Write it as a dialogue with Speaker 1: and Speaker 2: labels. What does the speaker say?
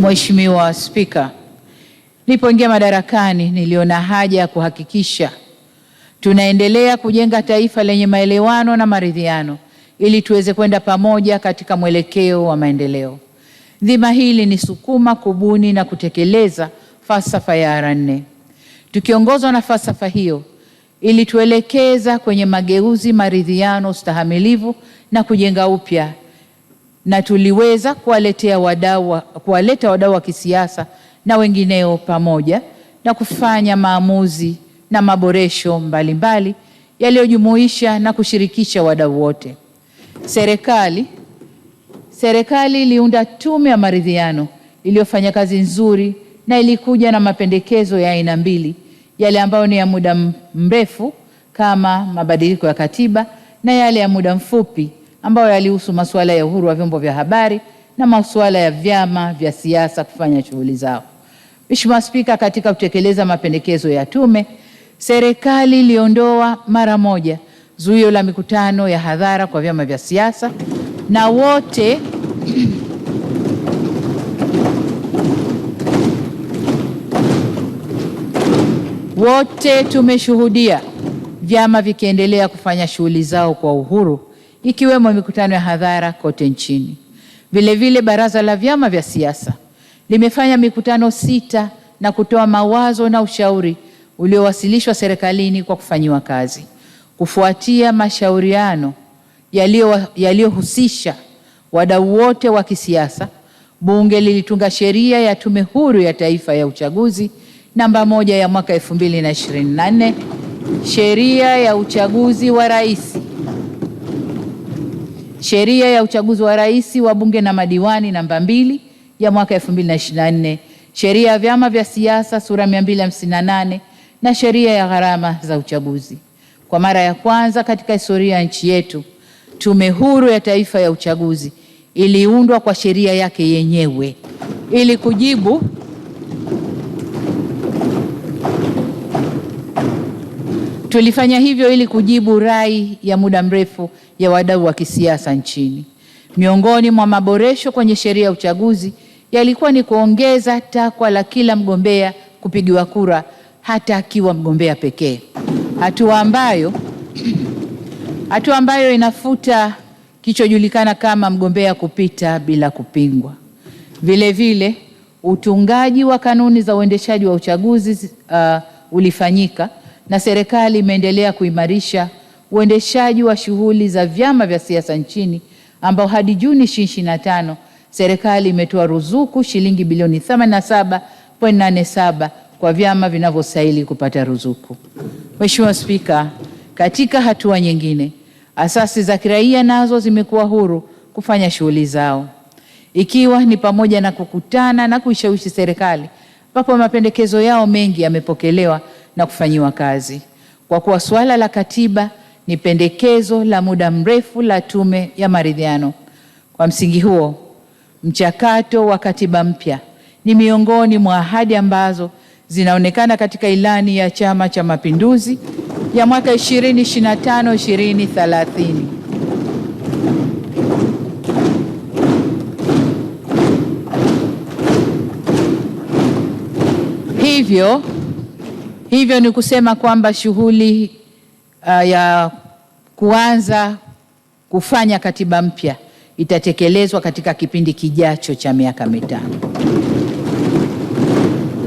Speaker 1: Mheshimiwa Spika, nilipoingia madarakani niliona haja ya kuhakikisha tunaendelea kujenga taifa lenye maelewano na maridhiano ili tuweze kwenda pamoja katika mwelekeo wa maendeleo. Dhima hili ni sukuma kubuni na kutekeleza falsafa ya R 4 Tukiongozwa na falsafa hiyo ilituelekeza kwenye mageuzi, maridhiano, ustahamilivu na kujenga upya na tuliweza kuwaletea wadau, kuwaleta wadau wa kisiasa na wengineo pamoja na kufanya maamuzi na maboresho mbalimbali yaliyojumuisha na kushirikisha wadau wote. Serikali serikali iliunda tume ya maridhiano iliyofanya kazi nzuri na ilikuja na mapendekezo ya aina mbili, yale ambayo ni ya muda mrefu kama mabadiliko ya katiba na yale ya muda mfupi ambayo yalihusu masuala ya uhuru wa vyombo vya habari na masuala ya vyama vya siasa kufanya shughuli zao. Mheshimiwa Spika, katika kutekeleza mapendekezo ya tume, serikali iliondoa mara moja zuio la mikutano ya hadhara kwa vyama vya siasa na wote wote tumeshuhudia vyama vikiendelea kufanya shughuli zao kwa uhuru ikiwemo mikutano ya hadhara kote nchini. Vilevile, baraza la vyama vya siasa limefanya mikutano sita na kutoa mawazo na ushauri uliowasilishwa serikalini kwa kufanyiwa kazi kufuatia mashauriano yaliyohusisha wadau wote wa kisiasa. Bunge lilitunga sheria ya Tume Huru ya Taifa ya Uchaguzi namba moja ya mwaka 2024, sheria ya uchaguzi wa rais sheria ya uchaguzi wa rais wa bunge na madiwani namba mbili ya mwaka 2024, sheria ya vyama vya siasa sura 258 na sheria ya gharama za uchaguzi. Kwa mara ya kwanza katika historia ya nchi yetu, Tume Huru ya Taifa ya Uchaguzi iliundwa kwa sheria yake yenyewe ili kujibu Tulifanya hivyo ili kujibu rai ya muda mrefu ya wadau wa kisiasa nchini. Miongoni mwa maboresho kwenye sheria ya uchaguzi yalikuwa ni kuongeza takwa la kila mgombea kupigiwa kura hata akiwa mgombea pekee, hatua ambayo hatua ambayo inafuta kichojulikana kama mgombea kupita bila kupingwa. Vile vile utungaji wa kanuni za uendeshaji wa uchaguzi uh, ulifanyika na serikali imeendelea kuimarisha uendeshaji wa shughuli za vyama vya siasa nchini ambao hadi Juni 2025 serikali imetoa ruzuku shilingi bilioni 87.87 kwa vyama vinavyostahili kupata ruzuku. Mheshimiwa Spika, katika hatua nyingine, asasi za kiraia nazo zimekuwa huru kufanya shughuli zao ikiwa ni pamoja na kukutana na kuishawishi serikali, ambapo mapendekezo yao mengi yamepokelewa na kufanyiwa kazi, kwa kuwa suala la katiba ni pendekezo la muda mrefu la Tume ya Maridhiano. Kwa msingi huo, mchakato wa katiba mpya ni miongoni mwa ahadi ambazo zinaonekana katika ilani ya Chama cha Mapinduzi ya mwaka 2025 2030. Hivyo Hivyo ni kusema kwamba shughuli uh, ya kuanza kufanya katiba mpya itatekelezwa katika kipindi kijacho cha miaka mitano.